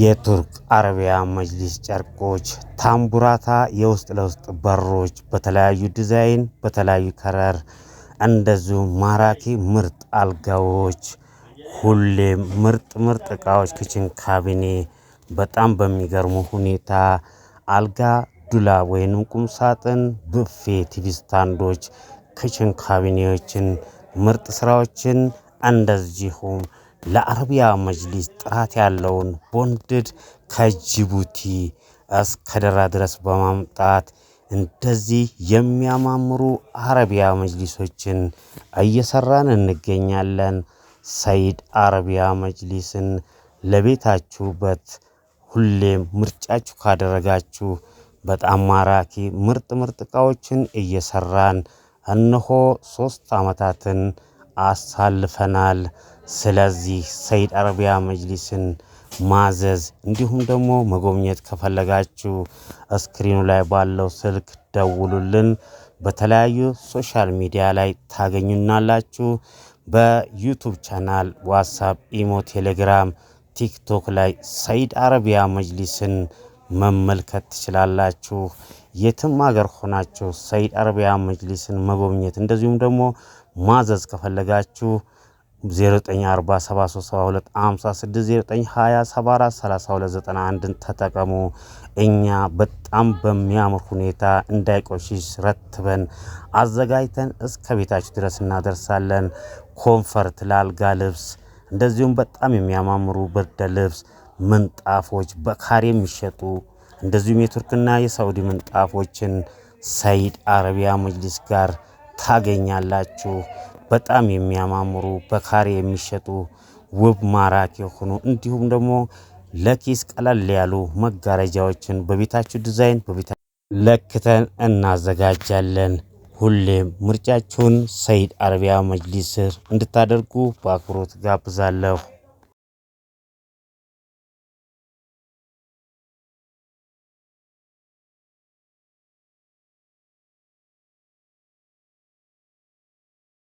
የቱርክ አረቢያ መጅሊስ ጨርቆች፣ ታምቡራታ የውስጥ ለውስጥ በሮች በተለያዩ ዲዛይን በተለያዩ ከረር እንደዚሁም ማራኪ ምርጥ አልጋዎች፣ ሁሌም ምርጥ ምርጥ እቃዎች፣ ክችን ካቢኔ በጣም በሚገርሙ ሁኔታ አልጋ፣ ዱላ ወይንም ቁም ሳጥን፣ ብፌ፣ ቲቪ ስታንዶች፣ ክችን ካቢኔዎችን ምርጥ ስራዎችን እንደዚሁም ለአረቢያ መጅሊስ ጥራት ያለውን ቦንድድ ከጅቡቲ እስከ ደራ ድረስ በማምጣት እንደዚህ የሚያማምሩ አረቢያ መጅሊሶችን እየሰራን እንገኛለን። ሰይድ አረቢያ መጅሊስን ለቤታችሁበት ሁሌም ምርጫችሁ ካደረጋችሁ በጣም ማራኪ ምርጥ ምርጥ እቃዎችን እየሰራን እነሆ ሶስት ዓመታትን አሳልፈናል። ስለዚህ ሰይድ አረቢያ መጅሊስን ማዘዝ እንዲሁም ደግሞ መጎብኘት ከፈለጋችሁ እስክሪኑ ላይ ባለው ስልክ ደውሉልን። በተለያዩ ሶሻል ሚዲያ ላይ ታገኙናላችሁ። በዩቱብ ቻናል፣ ዋትሳፕ፣ ኢሞ፣ ቴሌግራም፣ ቲክቶክ ላይ ሰይድ አረቢያ መጅሊስን መመልከት ትችላላችሁ። የትም አገር ሆናችሁ ሰይድ አረቢያ መጅሊስን መጎብኘት እንደዚሁም ደግሞ ማዘዝ ከፈለጋችሁ 094737256920743291ን ተጠቀሙ። እኛ በጣም በሚያምር ሁኔታ እንዳይቆሽሽ ረትበን አዘጋጅተን እስከ ቤታችሁ ድረስ እናደርሳለን። ኮንፈርት ላልጋ ልብስ፣ እንደዚሁም በጣም የሚያማምሩ ብርደ ልብስ ምንጣፎች በካሬ የሚሸጡ እንደዚሁም የቱርክና የሳውዲ ምንጣፎችን ሰይድ አረቢያ መጅሊስ ጋር ታገኛላችሁ። በጣም የሚያማምሩ በካሬ የሚሸጡ ውብ ማራኪ የሆኑ እንዲሁም ደግሞ ለኪስ ቀለል ያሉ መጋረጃዎችን በቤታችሁ ዲዛይን በቤታ ለክተን እናዘጋጃለን። ሁሌም ምርጫችሁን ሰይድ አረቢያ መጅሊስ ስር እንድታደርጉ በአክብሮት ጋብዛለሁ።